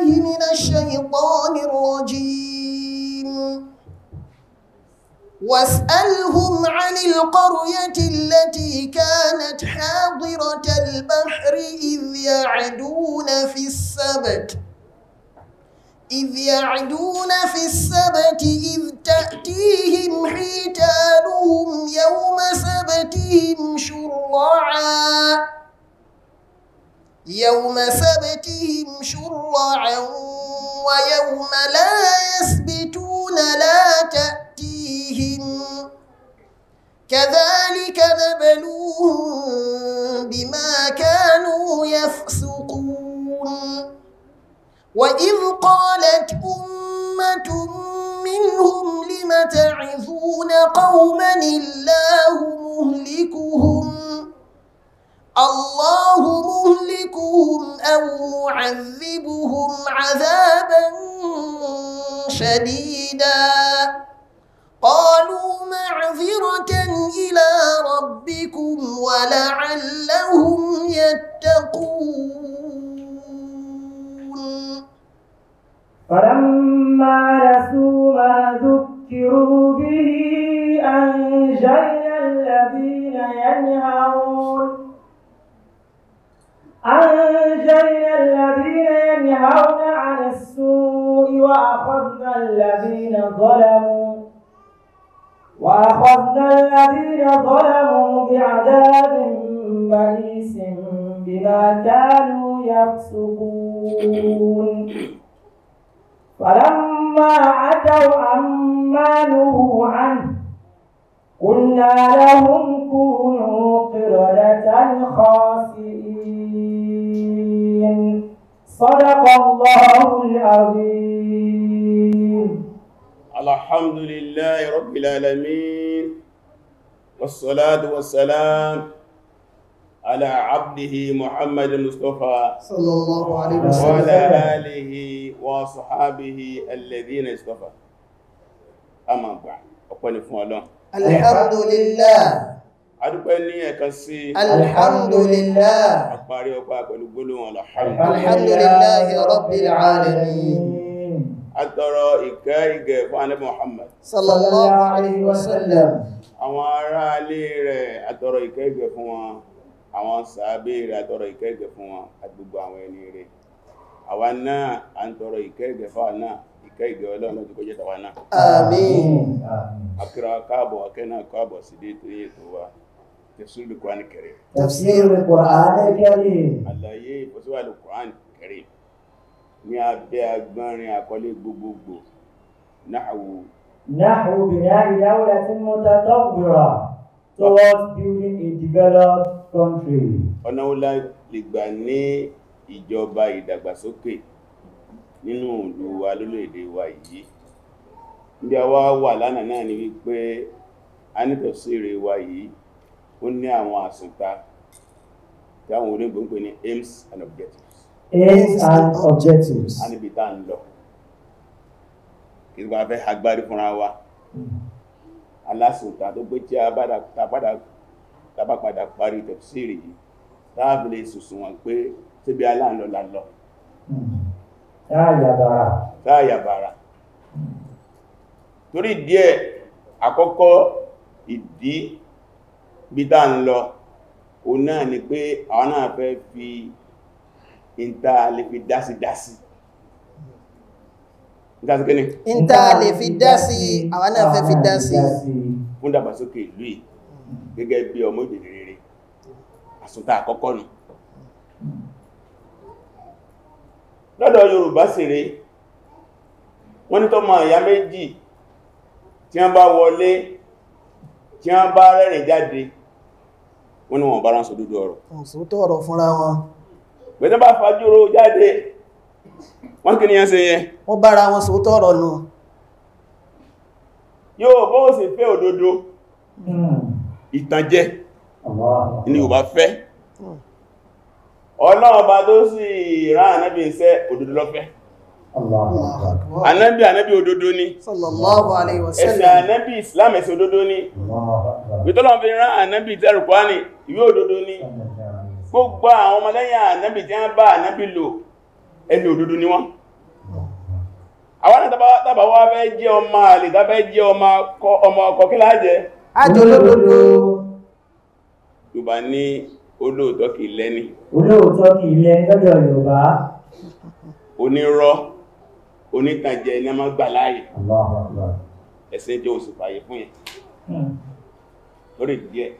بالله من الشيطان الرجيم واسألهم عن القرية التي كانت حاضرة البحر إذ يعدون في السبت إذ يعدون في السبت إذ تأتيهم حيتانهم يوم سبتهم شرعاً يوم سبتهم شرعا ويوم لا يسبتون لا تأتيهم كذلك نبلوهم بما كانوا يفسقون وإذ قالت أمة منهم لم تعظون قوما الله مهلكهم الله مهلكهم أو معذبهم عذابا شديدا قالوا معذرة إلى ربكم ولعلهم يتقون فلما نسوا ما ذكروا به أنجينا الذين ينهرون أنجينا الذين ينهون عن السوء وأخذنا الذين ظلموا وأخذنا الذين ظلموا بعذاب بئيس بما كانوا يفسقون فلما عتوا عما نهوا عنه قلنا لهم كونوا قردة خاسئين صدق الله العظيم الحمد لله رب العالمين والصلاة والسلام على عبده محمد المصطفى صلى الله عليه وسلم وعلى آله وصحابه الذين اصطفى أما بعد أقول لكم الحمد لله adúpẹ́ ní ẹ̀kan sí alhamdulillah àparí ọpá pẹ̀lú gbólóhùn alhamdulillahi rabbil àtọrọ ìkẹ́ ìgẹ̀ fún ànábì Muhammad sallallahu alaihi wasallam àwọn ará alé rẹ̀ àtọrọ ìkẹ́ ìgẹ̀ fún wọn àwọn sàábé rẹ̀ àtọrọ ìkẹ́ ìgẹ̀ fún wọn àgbogbo àwọn ẹni rẹ̀ àwa náà à ìkẹ́ ìgẹ̀ fún àwa ìkẹ́ ìgẹ̀ ọlọ́run tó kọjẹ́ tàwa náà tafsir al-Qur'an al-Karim tafsir al-Qur'an al-Karim àlàyé ìfọ́síwà al-Qur'an al-Karim ní abẹ́ agbọ́nrin àkọlé gbogbogbò nahwu nahwu bina'i towards building a developed country ọ̀nà wo la lè gbà ní ìjọba ìdàgbàsókè nínú wa lórílẹ̀-èdè wa yìí wà lánàá ó ní àwọn àsùnta tí àwọn onígbò ń pè ní aims and objectives aims and objectives a níbi tá ń lọ kìí wọ́n fẹ́ agbárí fúnra wa alásùnta tó gbé tí a bá padà parí tẹ̀síìrì yìí táàbí lè sùsùn wọn pé tíbi aláàlọ́ la lọ táàyàbàrà torí díẹ̀ àkọ́kọ́ ìdí gbígbà ń lọ o náà ni pé àwọn náà fẹ́ fi ìntà lè fi dásí dásí ìntà lè fi dásí àwọn náà fẹ́ fi dásí fún dàgbàsókè ìlú yìí gẹ́gẹ́ bí ọmọ ìdèrè rere àsùntà àkọ́kọ́ nù lọ́dọ̀ Yorùbá sèré wọ́n ní tọ́mọ ìyá méjì tí wọ́n bá wọlé tí wọ́n bá rẹ́rìn jáde wọ́n ní wọ́n bá ránṣọ́ dúdú ọ̀rọ̀ òsòótọ́ ọ̀rọ̀ fúnra wọn gbẹ̀dẹ́ bá fàájúrò jáde wọ́n kí ni yẹn ṣe yẹ wọ́n bára wọn sòótọ́ ọ̀rọ̀ nù yóò bó sì fẹ́ òdodo hmm. ìtànjẹ ni ò bá fẹ́ hmm. ọlọ́ọ̀bá tó sì rán ànábì òdodo lọ́fẹ́ Anábì anábì òdodo ni. Ẹ̀sìn anábì Islam ẹ̀sìn òdodo ni. Ìtọ́lọ̀ fi rán anábì tẹ́rùkwá ni, ìwé òdodo ni. Gbogbo àwọn ọmọlẹ́yìn anábì tí wọ́n bá anábì lò ẹni òdodo ni wọ́n. Àwọn àtàbà wá fẹ́ jẹ́ ọmọ àlè tàbẹ́ jẹ́ ọmọ ọkọ̀ kí láàjẹ́. Ájò olódodo. Yorùbá ní olóòtọ́ kì lẹ́ni. Olóòtọ́ kì lẹ́ni lọ́dọ̀ Yorùbá. Onírọ́ onítàjẹ iná má gbà láàyè ẹ̀sìn jẹ́ òsì fàyè fún yẹn hmm. lórí díẹ̀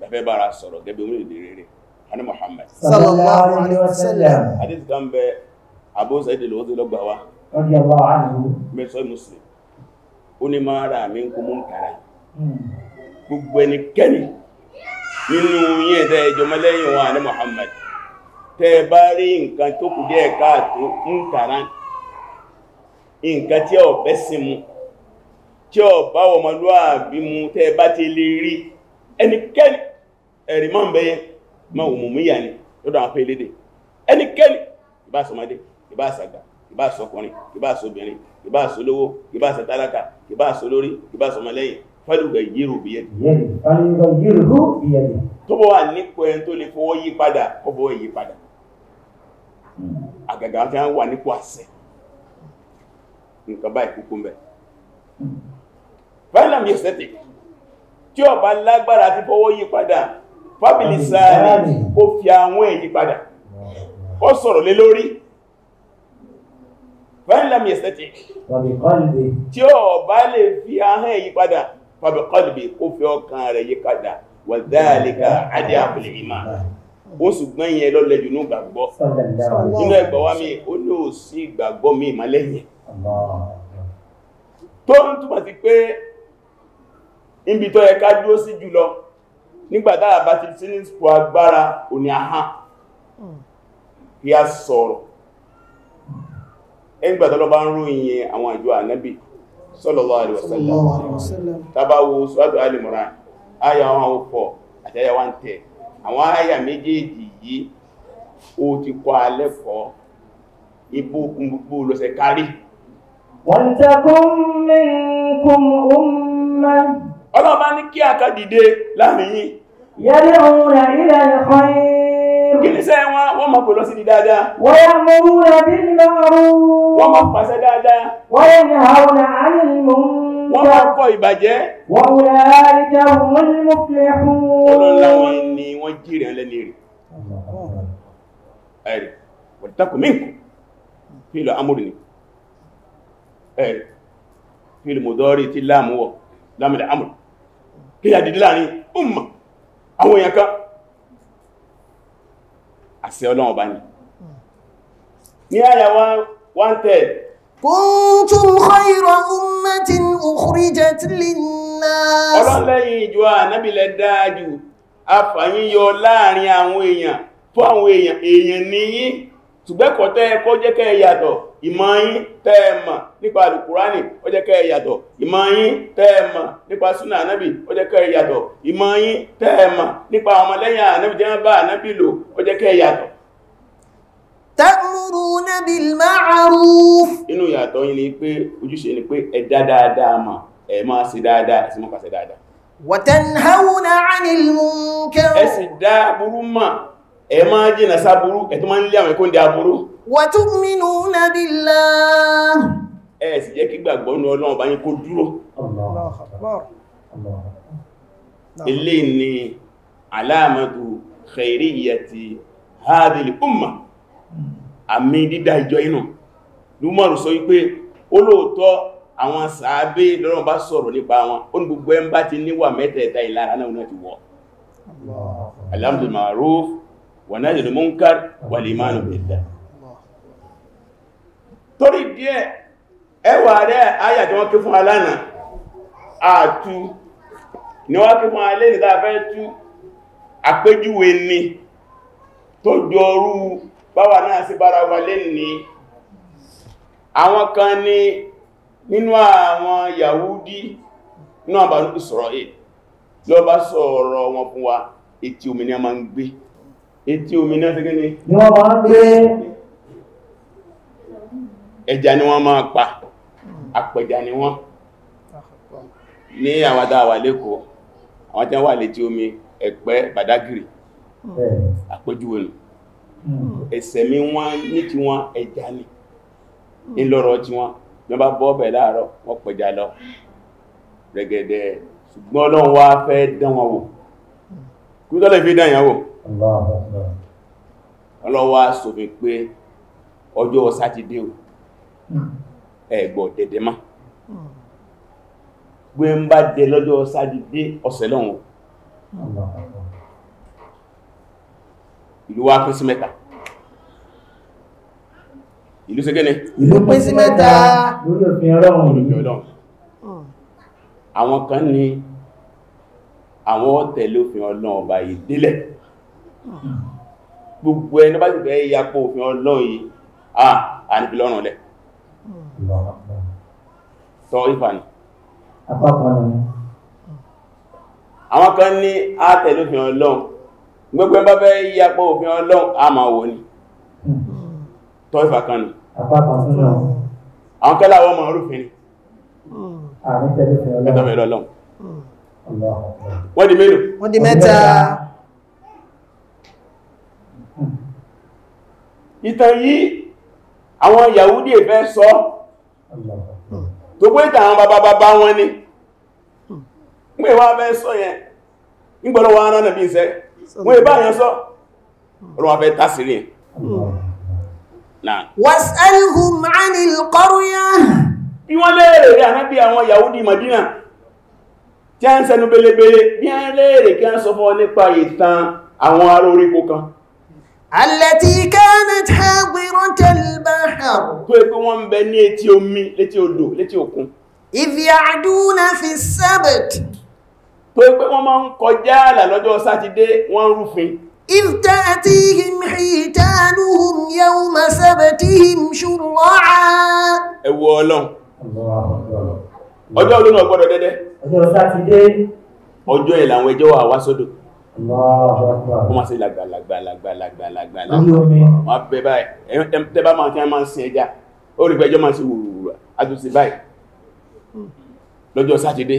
lẹ́fẹ́ bára sọ̀rọ̀ gẹ́gẹ́ orílẹ̀-èdè rere hannah Muhammad sallallahu alaihi wasallam hadith kan bẹ Abu Sa'id al hmm. tẹ́ bá rí nǹkan tó kù díẹ̀ káàtó ń kàrán nǹkan tí ó bẹ́ sí mu tí ó bá ọmọlúwàbí mu tẹ́ bá ti lè rí ẹnikẹ́ni ẹ̀rì mọ́ bẹ́yẹ ma òmùmíyà ni lọ́dọ̀ àwọn elédè ẹnikẹ́ni ìbá sọmọdé ìbá sàgbà ìbá sọkùnrin ìbá sọbìnrin ìbá sọlówó ìbá sọtálákà ìbá sọlórí ìbá sọmọlẹ́yìn fẹ́lùgbẹ̀ yìírù bí yẹ́dì tó bọ́ wà nípo ẹni tó lè fọwọ́ yí padà ọbọ̀ yí padà hmm. àgàgà tí wọ́n wà nípo àṣẹ nǹkan báyìí kúkú mẹ́ fẹ́lẹ̀m yóò sẹ́tì tí ó bá lágbára ti fọwọ́ yí padà fábílì sáàrí kó fi àwọn èyí padà ó sọ̀rọ̀ lé lórí fẹ́lẹ̀m yóò sẹ́tì tí ó bá lè fi ahọ́n èyí padà fábíkọ́lùbì kó fi ọkàn rẹ̀ yí padà wà dáàlìkà adé àpùlì ìmá ó ṣùgbọ́n yẹn lọ́lẹ́jù ní ìgbàgbọ́ nínú ẹgbàwá mi ó ní ò sí ìgbàgbọ́ mi ìmọ́lẹ́yìn tó ń túnmọ̀ sí pé ibi tó yẹ ká dúró sí jùlọ nígbàtàrà bá ti sí ní ìsìnkú agbára òní àhá kí a sọ̀rọ̀ ẹgbàtọ́lọ́ bá ń ròyìn àwọn àwọn ọ̀pọ̀ àti àyà àwọn àyà méjèèjì yìí ó ti kọ́ ibú gbogbo lọ́sẹ̀ kárí ولتكن منكم أمة ọlọ́run bá ní kí àká dìde láàrin yín yad'una ila al-khayr kí ní sẹ́ wọn wọ́n mọ̀ pè lọ sí di dáadáa wa ya'muruna bil ma'ruf wọ́n mọ̀ pàṣẹ dáadáa wa yanhauna 'anil munkar wọ́n mọ̀ kọ ìbàjẹ́ wa ula'ika humul muflihun olóńláwọn ni wọ́n jèrè lẹ́ni rẹ̀ ẹ̀rì wọ́n takùn minkum fíìlì eh, mọ̀dọ́rí tí láàmù wọ̀ lámìlẹ̀ àmù kí yà dìdí láàrin ọmọ àwọn èèyàn kan àṣẹ ọlọ́run bá ní ní àyà wọ́n tẹ̀ kuntum khayra ummatin ukhrijat linnas ọlọ́lẹ́yìn ìjọ ànábìlẹ̀ dáájú afàyíyọ láàrin àwọn èèyàn fún àwọn èèyàn èèyàn níyí ṣùgbẹ́kọ̀ọ́tẹ́ ẹkọ́ jẹ́kẹ́ yàtọ̀ ìmọ̀yín tẹ́ẹ̀mà nípa alùkùránì ó jẹ́ kẹ́ ìyàtọ̀ ìmọ̀yín tẹ́ẹ̀mà nípa súnà ànábì ó jẹ́ kẹ́ ìyàtọ̀ ìmọ̀yín tẹ́ẹ̀mà nípa ọmọlẹ́yìn ànábì jẹ́ bá ànábì lò ó jẹ́ kẹ́ ìyàtọ̀ ta'muruna bil ma'ruf inú ìyàtọ̀ yìí ni pé ojúṣe ni pé ẹ dá dáadáa mà ẹ burú mà ẹ máa jìnà sáburú ẹ tó máa ń lé àwọn ẹ̀kọ́ ń dá burú wa tu'minuna billah ẹ sì jẹ́ kí gbàgbọ́ ní Ọlọ́run bá yín kó dúró ilé ni alamatu khairiyyati hadhihi umma àmì dídá ìjọ inú lúmọ̀rù sọ wípé olóòtọ́ àwọn sàábé lọ́rọ̀ bá sọ̀rọ̀ nípa wọn ó ní gbogbo ẹmbá ti níwà mẹ́tẹ̀ẹ̀ta ìlara náà náà ti wọ́ al-amru bil-ma'ruf wa nahyu anil munkar wal imanu torí díẹ̀ ẹwà rẹ̀ ayà tí wọ́n kí fún alánà àtú ni wọ́n kí fún alé ní tàbẹ́ tú àpéjúwe ni tó jọrú báwa náà sí bára wa lé ní àwọn kan ní nínú àwọn Yahudi náà bá ní Israel lọ bá sọ̀rọ̀ wọn fún wa etí omi ni a máa ń gbé etí omi fi gẹ́ ni wọ́n máa ń gbé ẹja ni wọ́n máa pa apẹja ni wọ́n ní àwọn adáwà lẹ́kọ̀ọ́ àwọn tẹ́ wà létí omi ẹ̀pẹ́ bàdágìrì àpéjúwe nù ẹ̀sẹ̀ mi wọ́n ní tí wọ́n ẹja ni ńlọ́rọ̀ tí wọ́n wọ́n bá bọ́ bẹ̀ láàárọ̀ wọ́n pẹja lọ rẹ̀gẹ̀dẹ̀ ṣùgbọ́n ọlọ́run wá fẹ́ dán wọn wò ọjọ́ sátidé o ẹ̀gbọ́ dẹ̀dẹ̀ má gbé ń bá dẹ lọ́jọ́ sátidé ọ̀sẹ̀ lọ́hùn ìlú wa pín sí mẹ́ta ìlú ṣe gẹ́ni ìlú pín sí mẹ́ta lórí òfin ọlọ́run àwọn kan ní àwọn tẹ̀lé òfin ọlọ́run ọba yìí délẹ̀ gbogbo ẹni bá ti fẹ́ yapo òfin ọlọ́run yìí à à lẹ́ tọ́ ìfà ní àpapọ̀ ní àwọn kan ní àtẹ̀lú òfin ọlọ́run gbogbo ẹgbẹ́ bẹ́ yíyapọ̀ òfin ọlọ́run a ma wò ní tọ́ ìfà kan ní àpapọ̀ sí náà àwọn kẹ́lá wọ́n máa rúfin ní àwọn tẹ̀lú ọlọ́run wọ́n di mélòó wọ́n di mẹ́ta hmm. ìtàn tó pé ìtàwọn bàbá bàbá wọn ni pé wá ya sọ yẹn anọ wọ́n rán nàbí ìṣẹ́ wọ́n ìbá yẹn sọ ọlọ́wọ́ fẹ́ tásìrí ẹ̀ was'alhum 'anil qarya bí wọ́n léèrè rẹ̀ ànábí àwọn Yahudi Madina tí a ń sẹnu belebele bí a léèrè kí a sọ fọ́ kan Àlẹ́tí kánàtì hàgbìrán tẹ́lbà hàn. Tó ẹ pé wọ́n ń bẹ ní etí omi, létí odò, létí òkun. Ìfì àdúnà fi sábẹ̀t. Tó ẹ pé wọ́n máa ń kọjá àlà lọ́jọ́ Sátidé, wọ́n rúfin. Ìftà àti ìhìntàlùhùn yau ma sábẹ̀tìhìm ṣùgbọ́n wọ́n máa ṣe làgbàlàgbàlàgbàlàgbà wọ́n á bẹ báyìí tẹ́ bá máa tí wọ́n máa ń sin ẹja ó rí pẹ́jọ́ máa ń ṣe wòrò àtúnṣe báyìí lọ́jọ́ sátidé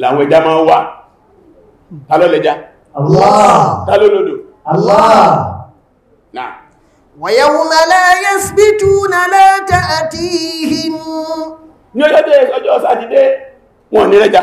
làwọn ẹja máa ń wá ta ló lẹ́ja ta ló lódò وَيَوْمَ لَا يَسْبِتُونَ لَا تَأْتِيهِمْ ní ọjọ́ sátidé wọ́n ní lẹ́ja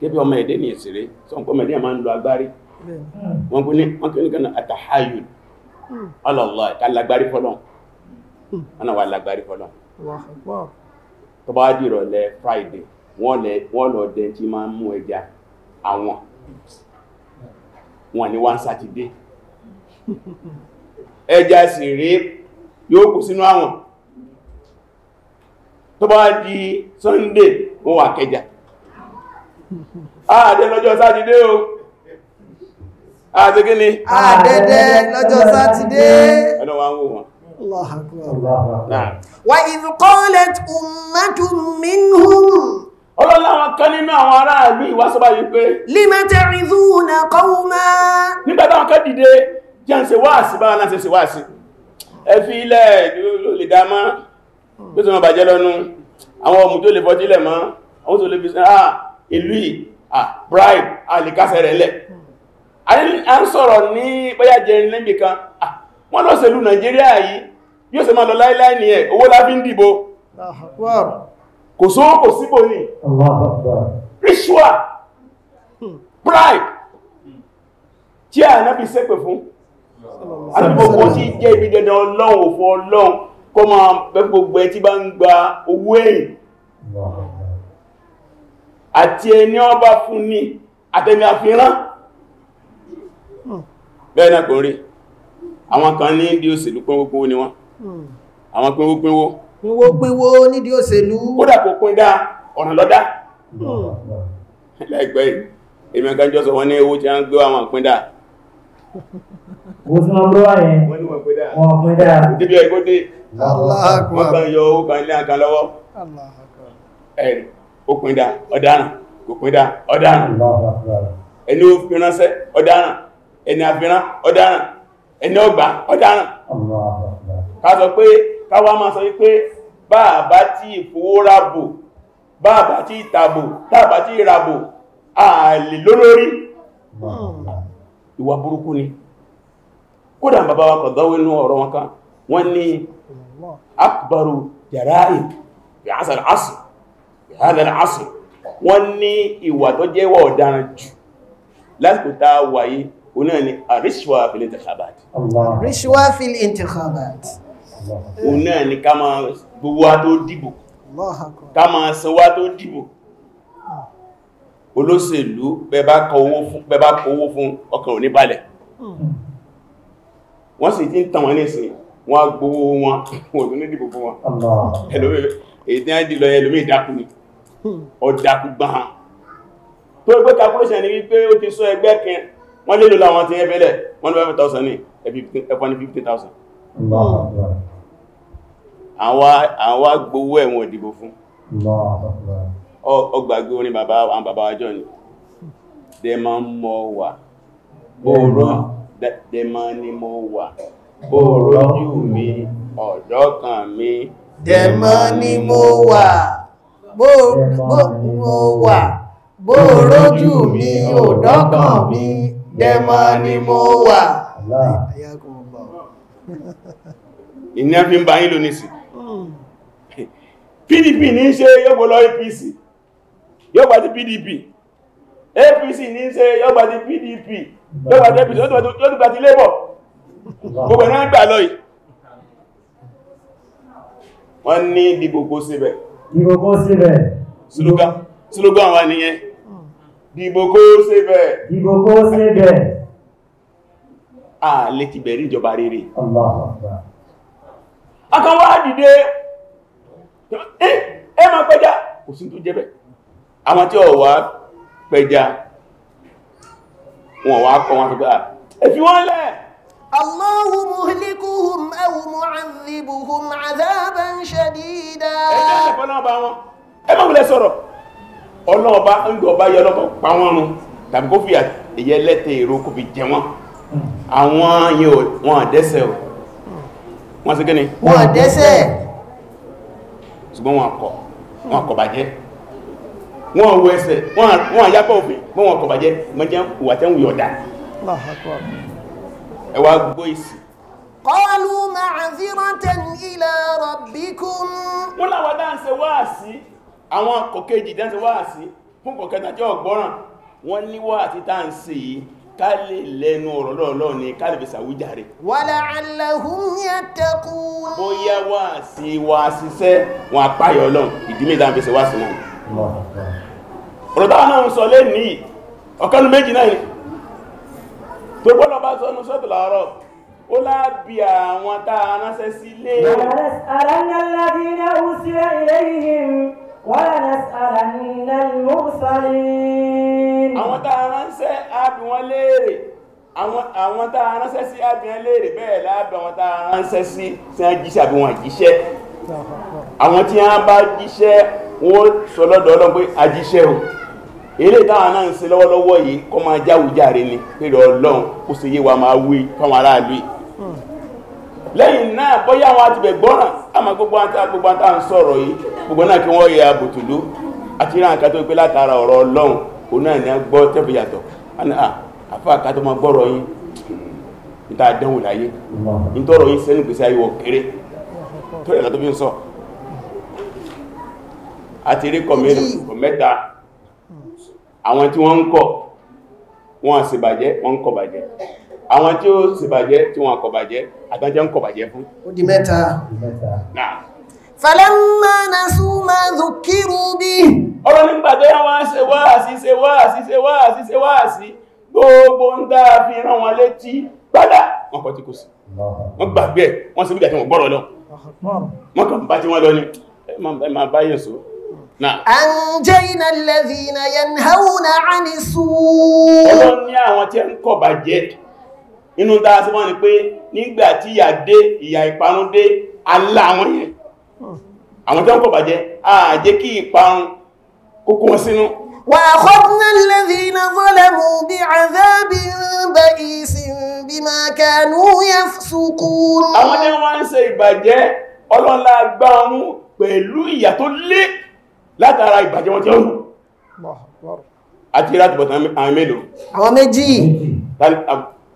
débi ọmọ ẹ̀dẹ́ ní ìṣeré sọ́nkọ́ ọmọ ẹ̀dẹ́ máa ń lo agbárí wọ́n kú ní wọ́n kí ní kan àtàháyù ọlọ́lọ́ ẹ̀ká lágbárí fọ́lọ́n hmm. wọ́n wà lágbárí fọ́lọ́n tó bá dìrọ̀ lẹ Friday wọ́n lọ dẹ tí máa ń mú ẹja àwọn wọn ni one Saturday ẹja sì rí yóò kù sínú àwọn tó bá di Sunday wọ́n wà kẹjà àdé lọ́jọ́ sátidé o àti kí ni àdẹ́dẹ́ lọ́jọ́ sátidé ẹ̀nà wa ń wò wọn Allahu Akbar wa idh qalat ummatun minhum ọlọ́láwọn kan nínú àwọn ará ìlú ìwásọ́bá yìí pé limata'izuna qawma nígbàtà wọn kan dìde jẹ́ ń ṣe wáàsí bá wọn láti ṣe wáàsí ẹ fi ilẹ̀ ló lè dá mọ́ pé tó mọ́ bàjẹ́ lọ́nu àwọn ọmọ tó lè fọ́jílẹ̀ mọ́ àwọn tó lè fi sẹ́ ìlú bribe alìkásẹ̀ rẹ̀ lẹ̀ a ń sọ̀rọ̀ ní bóyá jẹrin lẹ́gbẹ̀ kan wọ́n lọ ṣèlú Nàìjíríà yìí yóò ṣe máa lọ láíláí ní ẹ̀ owó lábí ń dìbò kò sówó kò síbò ní ritual bribe tí a náà bí sẹ́pẹ̀ fún àtìgbogbo tí jẹ́ ibi dandan ọlọ́run òfò ọlọ́run kọ́ máa bẹ́ gbogbo ẹ tí bá ń gba owó èyí àti ẹni ọba fún ní àtẹ̀mí àfihàn hmm. bẹ́ẹ̀ náà kò rí àwọn kan ní ìdí òṣèlú pínwópínwó ni wọ́n hmm. àwọn pínwópínwó pínwópínwó nídí òṣèlú kódà kò pín dá ọ̀nà lọ́dá hmm. láìpẹ́ èmi kan jọ sọ wọ́n ní owó tí a ń gbé àwọn pín dá Allah ó pín dá ọ̀daràn kò dá ẹni ó fi ẹni àfihàn ọ̀daràn ẹni ọgbà ọ̀daràn ká pé káwà máa sọ wípé báàbá tí ìfowórabò báàbá tí ìtàbò tàbá tí ìrabò ààlè lólórí ìwà burúkú ni kódà bàbá wa dọ́wọ́ inú ọ̀rọ̀ wọn kan wọ́n ní akbaru jara'i hadal asr wọ́n ní ìwà tó jẹ́ ìwà ọ̀daràn jù lásìkò tá a wáyé oní ẹni àríṣwà fil intikhabat ríṣwà fil intikhabat oní ẹni ká máa gbogbo wa tó dìbò ká máa san wa tó dìbò olóṣèlú bẹba kọ owó fún ọkàn ò ní balẹ̀ hmm. wọ́n sì ti ń tàn wọ́n nísìn wọ́n gbówó wọn òdún ní dìbò fún wọn ẹlòmí ìdákùnrin ọ̀dàkù gbáhàn tó ẹgbẹ́ calculation ni wípé ó ti sọ ẹgbẹ́ kan wọ́n lè lò láwọn ti ẹfẹ́lẹ̀ 1,000 ní ẹfẹ́ni 15,000 àwọn agbówó ẹ̀wọ̀n òdìbò fún ọgbàgbé orin bàbá àwọn bàbá àjọ ni dẹ ma ń mọ wà bóòrọ̀ dẹ ma ní mọ wà bóòrọ̀ jù mi ọ̀dọ́ kan mi dẹ ma ní mọ wà mo wà bó rójú mi ò dọ́kàn mi dẹmọ ni mo wà ìní fi ń bá yín lò sí PDP ní ṣe yọ́gbọ́ lọ APC yọ́gbà ti PDP APC ní ṣe yọ́gbà ti PDP yọ́gbà ti APC yọ́gbà ti Labour gbogbo náà gbà lọ́yìn wọ́n ní ìdìbò kó síbẹ̀ Dìbò kó síbẹ̀. Slogan wa nìyẹn. Dìbò kó síbẹ̀. Dìbò kó síbẹ̀. A lè ti bẹ̀rí ìjọba rere. Akọwà dìde, ẹ máa pẹja, kò sí tó jẹ́bẹ̀. Àwọn tí ó wà pẹja, wọn wà kọ wọn tó gbà, ẹ wọ́n lẹ́ẹ̀. الله مهلكهم أو معذبهم عذابا شديدا ẹ má wulẹ̀ sọ̀rọ̀ ọlọ́run bá ń dọ̀ bá yọ yọrọ tàbí kó fi ẹ̀yẹ lẹ́tẹ̀ èrò kò fi jẹ àwọn yẹn wọn àdẹ́sẹ̀ o wọ́n sí gíní wọ́n àdẹ́sẹ̀ ṣùgbọ́n wọn wọn ẹsẹ̀ wọn àyápọ̀ òfin wọn bàjẹ́ mọ́jẹ́ tẹ́wù yọ̀dá ẹ wá gbọ́ èsì qalu ma'ziratan ila rabbikum wọ́n láwọn dáǹsẹ̀ wáàsí àwọn kọ̀kẹ́jì dáǹsẹ̀ wáàsí fún kọ̀kẹ́ta jẹ́ ọ̀gbọ́ràn wọ́n ní wáàsí dáǹsẹ̀ yìí ká lè lẹ́nu ọ̀rọ̀ lọ́ọ̀lọ́ ni ká lè fi ṣàwíjàre wa la'allahum yattaqun bóyá wáàsí wáàsíṣẹ́ wọn àpáyọ̀ ọlọ́run ìdílé dáǹfẹ́sẹ̀ méjì náà tó gbọ́nà bá sọ́nu sọ́tù láàárọ̀ ó láàbí àwọn táa ránṣẹ́ sí ilé àwọn táa ránṣẹ́ àbí wọn léèrè àwọn táa ránṣẹ́ sí àbí wọn léèrè bẹ́ẹ̀ láàbí àwọn táa ránṣẹ́ sí tí wọ́n jíṣẹ́ àbí wọn jíṣẹ́ àwọn tí wọ́n bá jíṣẹ́ wọ́n sọ lọ́dọ̀ pé ajíṣẹ́ o eré táwọn náà ń ṣe lọ́wọ́lọ́wọ́ yìí kọ́ máa jáwùjáre ni pèrè ọlọ́run ó sì yé wa máa wí fáwọn aráàlú yìí lẹ́yìn náà bọ́yá àwọn àtibẹ̀ gbọ́ràn gbogbo àtà gbogbo àtà ń sọ̀rọ̀ yìí gbogbo náà kí wọ́n yẹ àbùtùlú àti ìran pé látara ọ̀rọ̀ ọlọ́run òun náà ní a gbọ́ tẹ́bù yàtọ̀ àfà àkàtó máa gbọ́rọ̀ yìí láyé sẹ́nu gbèsè ayé wọ̀ kéré tó yẹ ń sọ àti rí àwọn tí wọ́n ń kọ̀ wọ́n ṣèbàjẹ́ wọ́n ń kọ̀bàjẹ́ àwọn tí ó ṣèbàjẹ́ tí wọ́n kọ̀bàjẹ́ àtàjẹ́ ń kọ̀bàjẹ́ fún ó di mẹ́ta falamma nasu ma dhukiru bi ọ̀rọ̀ nígbà tó yá wọ́n ṣe wáàsí ṣe wáàsí ṣe wáàsí ṣe wáàsí gbogbo ń dá fi rán wọn létí gbádà wọ́n kọ́ tí kò sí wọ́n gbàgbé wọ́n sì bí anjẹ́yìn alẹ́fìnà yanhauna anisu. ọlọ́run ní àwọn tí ń kọ̀ bàjẹ́ inú dáa sí wọ́n ni pé nígbà tí ìyà dé ìyà ìparun dé alá àwọn yẹn àwọn tí ń kọ̀ bàjẹ́ àjẹ́ kí ìparun kókó wọn sínú وأخذنا الذين ظلموا بعذاب بئيس بما كانوا يفسقون àwọn tí wọ́n ń ṣe ìbàjẹ́ ọlọ́run la pẹ̀lú ìyà tó le látara ìbàjẹ́ wọn tí ó rù àti láti bọ̀tà àwọn mélòó àwọn méjì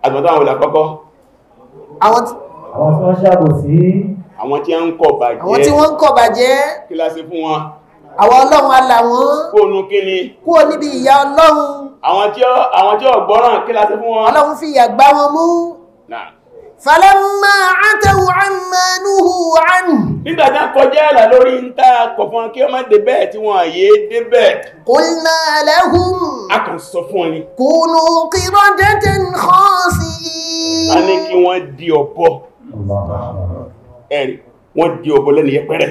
àgbàtà àwọn olàkọ́kọ́ àwọn tí wọ́n ṣàbò sí àwọn tí wọ́n ń kọ̀ bàjẹ́ kí la ṣe fún wọn àwọn ọlọ́run alà wọn kóònù kí ni kúò níbi ìyà ọlọ́run àwọn tí ó gbọ́ràn kí la ṣe fún wọn ọlọ́run fi ìyà gbá wọn mú náà Fàlẹ́mà àtẹ̀wò àmànúhù àánú. Nígbàtá kọjá ẹ̀là lórí ń tá kọ̀ kí ọmọ dé bẹ́ẹ̀ tí wọ́n àyè dé bẹ́ẹ̀. Qulna lahum. A kàn sọ fún ọ ni. Kunu qiradatan khasi'in. A ní kí wọ́n di ọ̀bọ. Ẹ̀rì, wọ́n di ọ̀bọ lẹ́nu yẹpẹrẹ.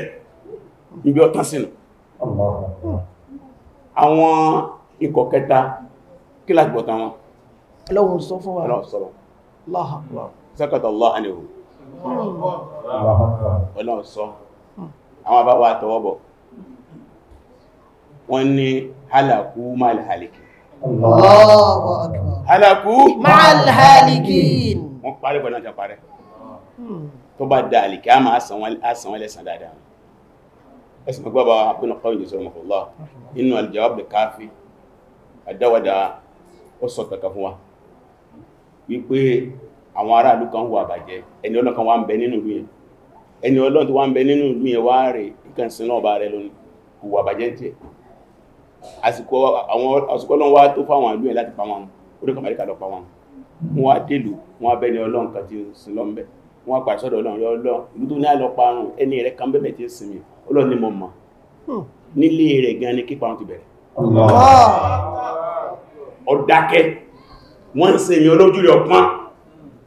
Ibi ọ̀tán sínú. Àwọn ikọ̀ kẹta, kí láti bọ̀ta wọn? Ọlọ́run sọ fún wa. Ọlọ́run sọ̀rọ̀. Láhàbọ̀ sẹ́kọ̀tọ̀ Allah anihun ọlọ́run sọ àwọn àbáwà àtọwọ́bọ̀ wọ́n ní hálàkú máa hàlìkì hálàkú máa hàlìkì wọ́n parí pẹ̀lú àjọ parẹ́ tó bá dá àlìkì a máa sànwọ́ lẹ́sàn dáadáa ẹsùn gbọ́bà àpínà kọ́ ìjọsọ̀rọ̀mọ̀kọ̀lá inú aljawab da káfí àdáwàdà wípé àwọn aráàlú kan hùwà bàjẹ́ ẹni ọlọ́run kan wá ń bẹ nínú ìlú yẹn ẹni ọlọ́run tó wá ń bẹ nínú ìlú yẹn wá rè nǹkan sin náà bá rẹ lónìí hùwà bàjẹ́ ń tiẹ̀ àsìkò àwọn àsìkò ọlọ́run wá tó fáwọn ìlú yẹn láti pa wọn ó dé kàmàdé pa wọn wọn wá dèlù wọn wá bẹni ọlọ́run kan ti sin lọ́n bẹ́ẹ̀ wọn apà sọ́dọ̀ ọlọ́run yọ ọlọ́run ìlú tó ní àlọ́ parun ẹni rẹ kan bẹ́ẹ̀ ti sinmi ọlọ́run ni mo mọ̀ hmm. nílé rẹ̀ gan ni kíparun ti bẹ̀rẹ̀ ọ̀dákẹ́ wọ́n ń sinmi olójú rẹ̀ ọ̀pọ̀n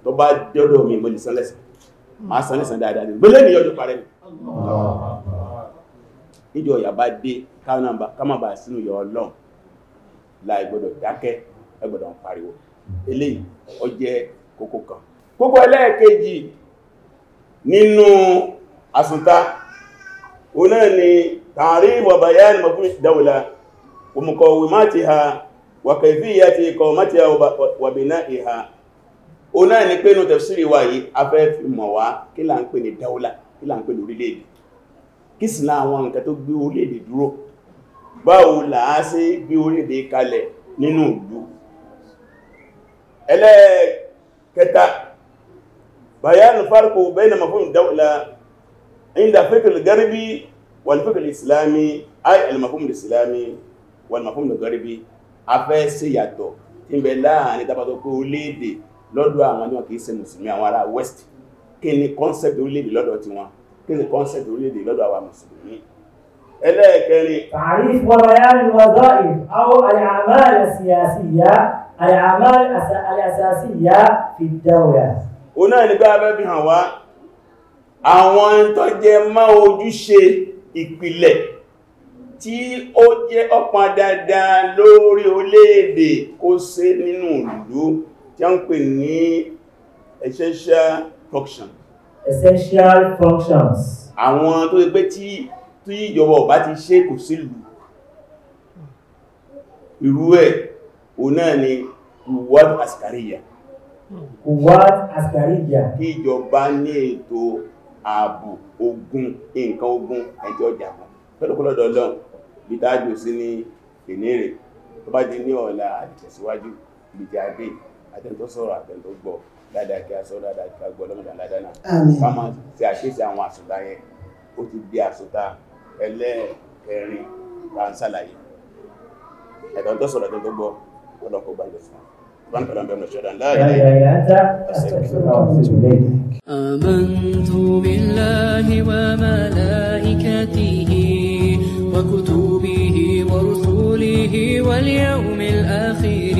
tó bá dọ́dọ̀ mi mo lè san lẹ́san máa san lẹ́san dáadáa ní gbélé ní ọjọ́ parẹ́ ni ìjọ ìyà bá dé káàmà bá sínú yọ ọlọ́run láì gbọ́dọ̀ dákẹ́ ẹ gbọ́dọ̀ pariwo eléyìí ó jẹ́ kókó kan kókó ẹlẹ́ẹ̀kejì nínú àsùntá oná ni tààrí wàbà yá ni mọ̀fún dáwòlá òmùkọ̀wé ti ha wàkẹ̀fí ìyá ti kọ̀ má ti ha wàbìná ìhà o náà ni pé inú tẹ̀sírí wa yìí a fẹ́ fi mọ̀ wá kí là ń pè ní dáúlà kí là ń pè ní orílẹ̀-èdè kí sì náà àwọn nǹkan tó gbé orílẹ̀-èdè dúró báwo là á sí gbé orílẹ̀-èdè kalẹ̀ nínú ìlú ẹlẹ́ẹ̀kẹta bayanu farko bayna mafhum dáúlà inda fikr al-garbi wal fikr al-islami ay al-mafhum al-islami wal mafhum al sí yàtọ̀ tí láàrin tábàtọ̀ pé orílẹ̀-èdè lọ́dọ̀ àwọn náà kìí ṣe mùsùlùmí àwọn ará west kí ni concept orílẹ̀-èdè lọ́dọ̀ ti wọn kí ni concept orílẹ̀-èdè lọ́dọ̀ àwọn mùsùlùmí ẹlẹ́ẹ̀kẹrin ta'rif wa bayan al-wadha'if aw al-a'mal as-siyasiyya al-a'mal al-asasiyya ni bá bẹ́ fi àwọn ìpìlẹ̀ tí ó jẹ́ ọ̀pọ̀ lórí orílẹ̀ kó ṣe nínú ìlú tí ní essential functions. essential functions àwọn tó pé tí tí ìjọba ò bá ti ṣe kò sílù irú ẹ̀ o náà ni kuwat askariya kuwat askariya kí ìjọba ní ètò ààbò ogun nǹkan ogun ẹjọ́ jàmọ́ pẹ́lúkúlọ́dọ̀ lọ́n bí dájú sí ní ìnírè tó bá di ní ọ̀la àtẹ̀síwájú ìjàdé àtẹ̀tọ́ sọ̀rọ̀ àtẹ̀tọ́ gbọ́ dáadáa kí a sọ dáadáa kí a gbọ́ lọ́mọdé aládá náà ká ti àṣeṣe àwọn àsùnta yẹn ó ti di àsùnta ẹlẹ́ẹ̀rin tá à ń ṣàlàyé àtẹ̀tọ́ sọ̀rọ̀ àtẹ̀tọ́ gbọ́ ọ̀dọ̀ kó gbàgbé fún آمنت بالله وملائكته وكتبه ورسله واليوم الآخر